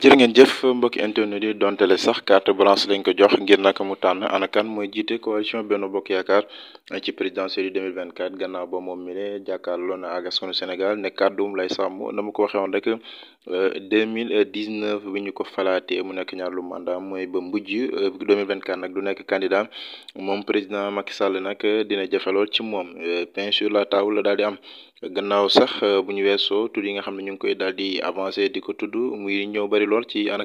jërë ngeen jëf mbokki internet yi dontele sax carte blanche lañ ko jox ngir naka mu tànn ana kan mooy jiite coalition Benno Bokk Yaakaar ci présidentielle yi 2024 gannaaw ba moom mi ne jàkkaarloo na ak askanu Sénégal ne kàdduum lay sàmm na ma ko waxee woon rek Euh, deux mille dix neuf bi ñu ko falaatee mu nekk ñaar lu mandat mooy ba mbujj euh, deux mille vingt quatre nag du nekk candidat moom président Macky Sall nag euh, dina jafe lool ci moom pain sur la table la daal di am. gannaaw sax bu ñu weesoo tudd yi nga xam ne ñu ngi koy daal di avancé di ko tudd muy ñëw bari lool ci ana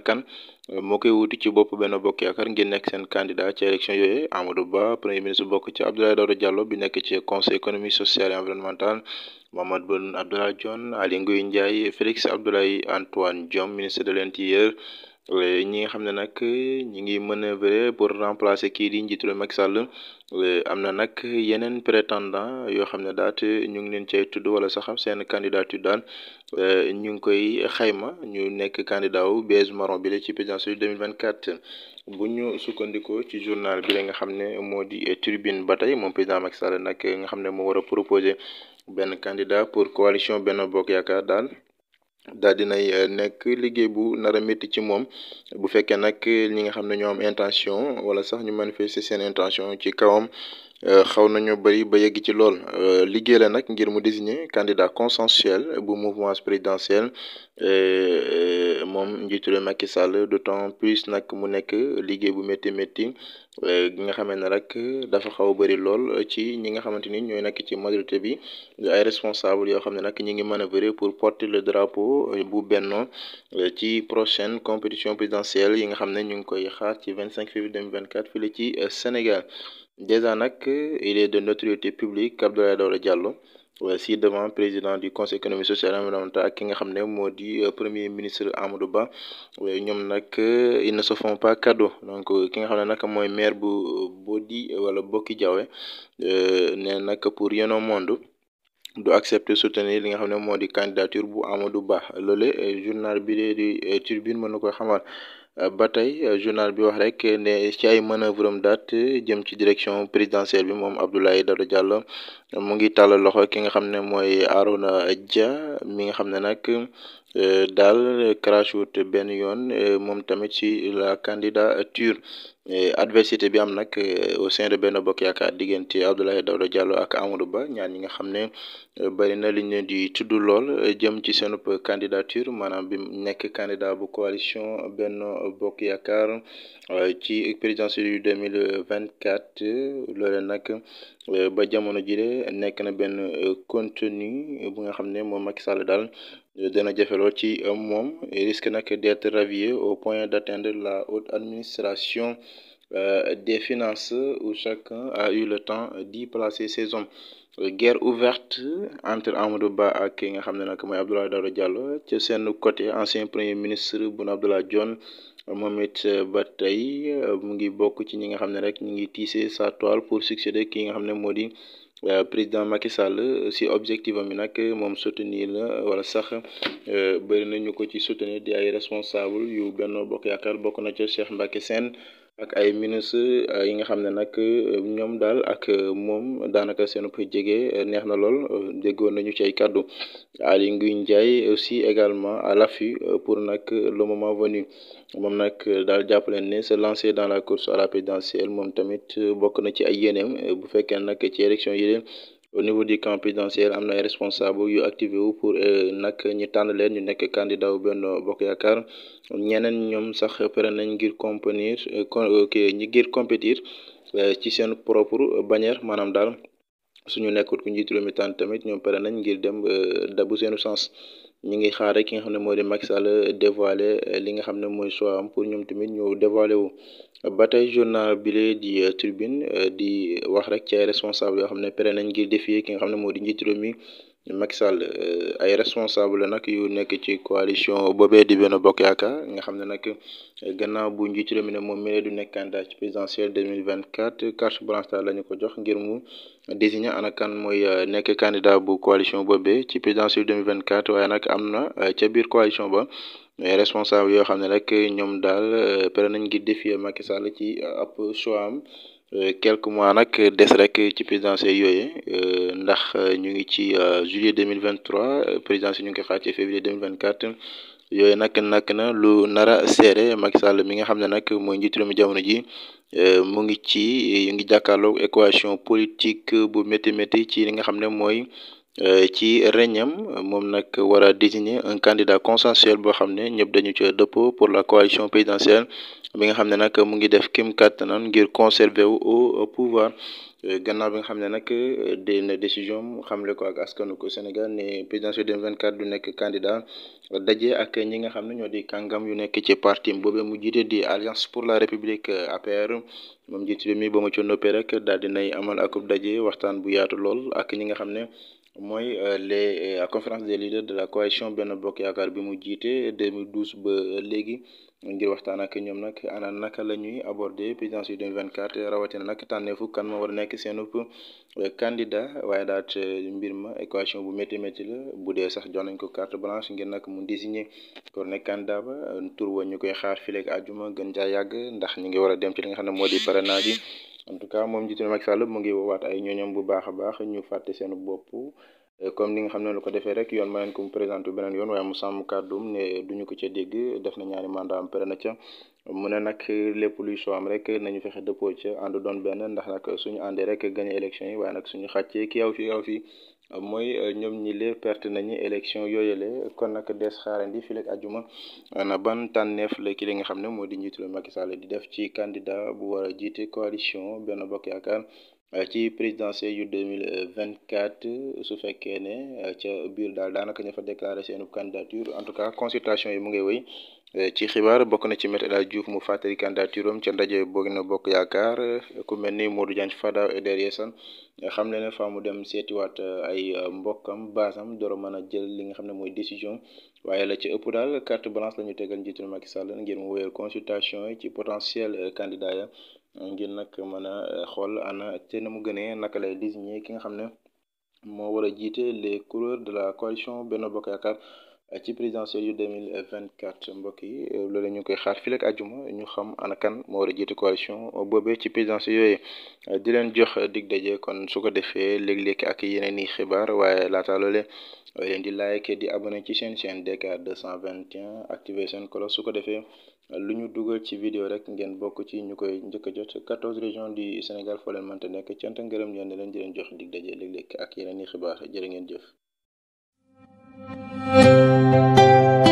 moo koy wuti ci bopp Benno Bokk Yaakaar ngir nekk seen candidat ci élection yooyu Amadou Ba premier ministre bokk ci Abdoulaye Daouda Diallo bi nekk ci conseil économique social et environnemental Mahammed Boun Abdallah Dionne Aly Ngouille Ndiaye Félix Abdoulaye Antoine Diome ministre de l'intérieur ñi nga xam ne nag ñi ngi manœuvrer pour remplacer kii di njiitu réew Sall am na nag yeneen prétendant yoo xam ne daat ñu ngi leen cay tudd wala sax seen candidature daal ñu ngi koy xayma ñu nekk candidat wu beige marron bi la ci présidentielle 2024 bu ñu sukkandikoo ci journal bi nga xam ne moo di tribune ba tey moom président Macky Sall nag nga xam ne moo war a proposer benn candidat pour coalition benn Bokk Yaakaar daal daal dinay eh, nekk liggéey bu nar a métti ci moom bu fekkee nag li nga xam ne ñoom am intention wala sax ñu manifester seen intention ci kawam Euh, xaw nañu bëri ba yegg ci lool euh, liggéey la nag ngir mu désigner candidat consensuel bu mouvement présidentiel euh, moom njiitu réew Macky Sall d'autant plus nag mu nekk liggéey bu métti métti gi nga xamee ne rek dafa xaw a bëri lool ci ñi nga xamante ni ñooy nekk ci majorité bi ay responsable yoo xam ne nag ñi ngi manœuvrer pour porter le drapeau bu Benno ci prochaine compétition présidentielle yi nga xam ne ñu ngi koy xaar ci vingt cinq février deux mille vingt quatre ci Sénégal. Déjà nag il est de notoriété publique Abdoulaye Daouda Diallo ci-devant euh, président du conseil économique social et environnemental ak ki nga xam ne moo di euh, premier ministre Amadou Ba euh, ñoom nag ils ne se font pas donc ki nga xam ne nag mooy maire bu Bodi wala Bokki Diawé ne nag pour rien au monde du accepter soutenir li nga xam ne moo di candidature bu Amadou Ba loole journal bi di Tribune mën na koy xamal ba tey euh, journal bi wax rek ne ci ay manœuvre am daat jëm ci direction présidentielle bi moom Abdoulaye Daouda Diallo mu ngi tàllal loxo ki nga xam ne mooy Arouna Dia mi nga xam ne nag euh, daal crash wut benn yoon euh, moom tamit ci la candidature Eh, adversité bi am nag eh, au sein de Benno Bokk Yaakaar diggante Abdoulaye Daouda Diallo ak Amadou Ba ñaar ñi nga xam ne eh, bëri na liñ leen di tudd lool jëm ci seenub candidature maanaam bi nekk candidat bu coalition Benno Bokk Yaakaar ci présidentielle vingt 2024 loole nag ba jamono jile nekk na benn contenu bu nga xam ne moom Macky Sall daal dana jafe ci moom risque nag d'être ravié au point d'atteindre la haute administration Euh, des finance où chaque a eu le temps di placer ses hommes. guerre ouverte entre Amadou Ba ak ki nga xam ne nag mooy Abdoulaye Daouda Diallo ca seen côté ancien premier ministre Boun Abdallah Dionne moom it euh, ba tey euh, mu ngi bokk ci ñi nga xam ne rek ñu ngi tisser sa toile pour succéder ki nga xam ne moo di président Macky Sall si objectif am yi nag moom soutenir la wala sax bëri na ñu ko ci soutenir di ay responsable yu Benno Bokk Yaakaar bokk na ca Cheikh Mbacké seen ak ay ministre euh, yi nga xam ne nag euh, ñoom daal ak euh, moom daanaka seen jege neex na lool déggoon nañu ci ay kàddu Aly Ngouille Ndiaye aussi également à l'affût pour nag le moment venu moom nag daal jàppaleen leen ne se lancer dans la course à la présidentielle moom tamit bokk na ci ay yéeneem bu fekkee nag ci élection yi au niveau du camp présidentiel am na ay responsable yu activé wu pour euh, nag ñu tànn leen ñu nekk candidat wu Benno Bokk Yaakaar ñeneen ñoom sax pare nañ ngir compétir euh, euh, ñi ngir compétir ci seen propre bannière maanaam daal suñu nekkul ku njiitu réew mi tànn tamit ñoom pare nañ ngir dem dabu seenu sens ñu ngi xaar ki nga xam ne moo di Macky Sall dévoilé euh, li nga xam ne mooy choix am pour ñoom tamit ñu dévoilé wu. ba tey journal bile di euh, tribune euh, di wax rek ci responsable yoo xam ne pare nañ ngir défier ki nga xam ne moo di njiitu réew Macky Sall euh, ay responsable la nag yu nekk ci coalition boobee di Benno Bokk Yaakaar nga xam ne nag euh, gannaaw bu njiitu réew mi moom mi du nekk candidat ci présidentielle 2024 carte blanche la ñu ko jox ngir mu désigner ana kan mooy euh, nekk candidat bu coalition boobee ci présidentielle 2024 waaye nag am na ca biir coalition ba responsable yoo xam ne rek ñoom daal pare nañ ngir défier Macky Sall ci ab choix am Euh, quelques mois nag des rek ci présidentielles yooyu euh, ndax euh, ñu ngi ci juillet 2023 présidentielles ñu ngi koy xaar ci février 2024 yooyu nag nak na lu nar a seere Macky Sall mi nga xam ne nag mooy njiitu réew mi jamono ji mu ngi ci ngi jàkkaarloog équation politique bu métti métti ci li nga xam ne mooy Euh, ci reñam moom nag wara a désigner un candidat consensuel boo xam ne ñëpp dañu ca dëppoo pour la coalition présidentielle bi nga xam ne nag mu ngi def kim kàttanam ngir conserver wu au pouvoir euh, gannaaw bi nga xam ne nag euh, dee na décision xamle ko ak askanu ko Sénégal ne présidentielle 2024 du nekk candidat daje ak ñi nga xam ne ñoo di kàngam yu nekk ci partie boobee mu jiitee di alliance pour la république APR moom jiite bi mi ba ma ci noppee rek daal di amal akub daje waxtaan bu yaatu lool ak ñi nga xam ne. mooy euh, les euh, conférence des leaders de la coalition Benno Bokk Yaakaar bi mu jiite 2012 ba léegi ngir waxtaan ak ñoom nag ana naka la ñuy aborder présidence vingt 2024 rawatina nag tànneefu kan moo war a nekk seen ëpp euh, candidat waaye daat mbir ma équation bu métti métti la bu dee sax jox nañ ko carte blanche ngir nag mu désigner kon nekk candidat ba tur wa ñu koy xaar fileeg àjjuma gën jaa yàgg ndax ñu ngi war a dem ci li nga xam ne moo di naa yi en tout cas moom njiitu Macky Sall mu ngi woowaat ay ñooñam bu baax a baax ñu fàtte seen bopp eh, comme ni nga xam ne lu ko defee rek yoon ma leen ko mu présenté beneen yoon waaye mu sàmm kàddum ne duñu ko ca dégg def na ñaari mandat am pare na ca mu ne nag lépp luy soo am rek nañu fexe dëppoo ca ànd doon benn ndax nag suñu àndee rek gagné élection yi waaye nag suñu xàccee ki yow fi yow fi mooy euh, ñoom ñi lee perte nañu élection yooyale kon nag des xaarandi fii ak àjjuma na ban tànneef la ki li nga xam ne moo di njiitu Macky Sall di def ci candidat bu war a jiite coalition benn bokk yaakaar euh, ci présidentielle yu 2024 su fekkee ne euh, ca biir daal daanaka ña fa déclaré seenu candidature en tout cas consultation yi mu ngay wéy Eh, ci xibaar bokk na ci Me El Hadji mu fàttali candidature am ca ndaje boog na bokk yaakaar eh, ku mel ni Modou Diagne Fada et derrière eh, xam ne ne faa mu dem seetiwaat ay mbokkam baasam doora mën a jël li nga xam ne mooy décision waaye la ci ëpp daal carte blanche la ñu tegal njiitu Macky Sall ngir mu wéyal consultation yi ci potentiel candidat ya ngir nag mën a xool ana te na mu gënee naka lay désigner ki nga xam ne moo war a jiite le couleurs de la coalition Benno Bokk ci présidentielle yu mille 2024 mbokk yi loolu ñu koy xaar fii ak ñu xam ana kan moo war a jiite coalition boobee ci présidentielle yooyu di leen jox dig daje kon su ko defee léeg ak yeneen i xibaar waaye laata loole leen di like di ci seen chaîne DKR 221 activé seen cloche su ko defee lu ñu dugal ci video rek ngeen bokk ci ñu koy njëkk a jot 14 régions di Sénégal foo leen mënta nekk cant ak ngërëm leen di leen di leen jox dig daje léeg-léeg ak yeneen i xibaar jërë ngeen jëf. Música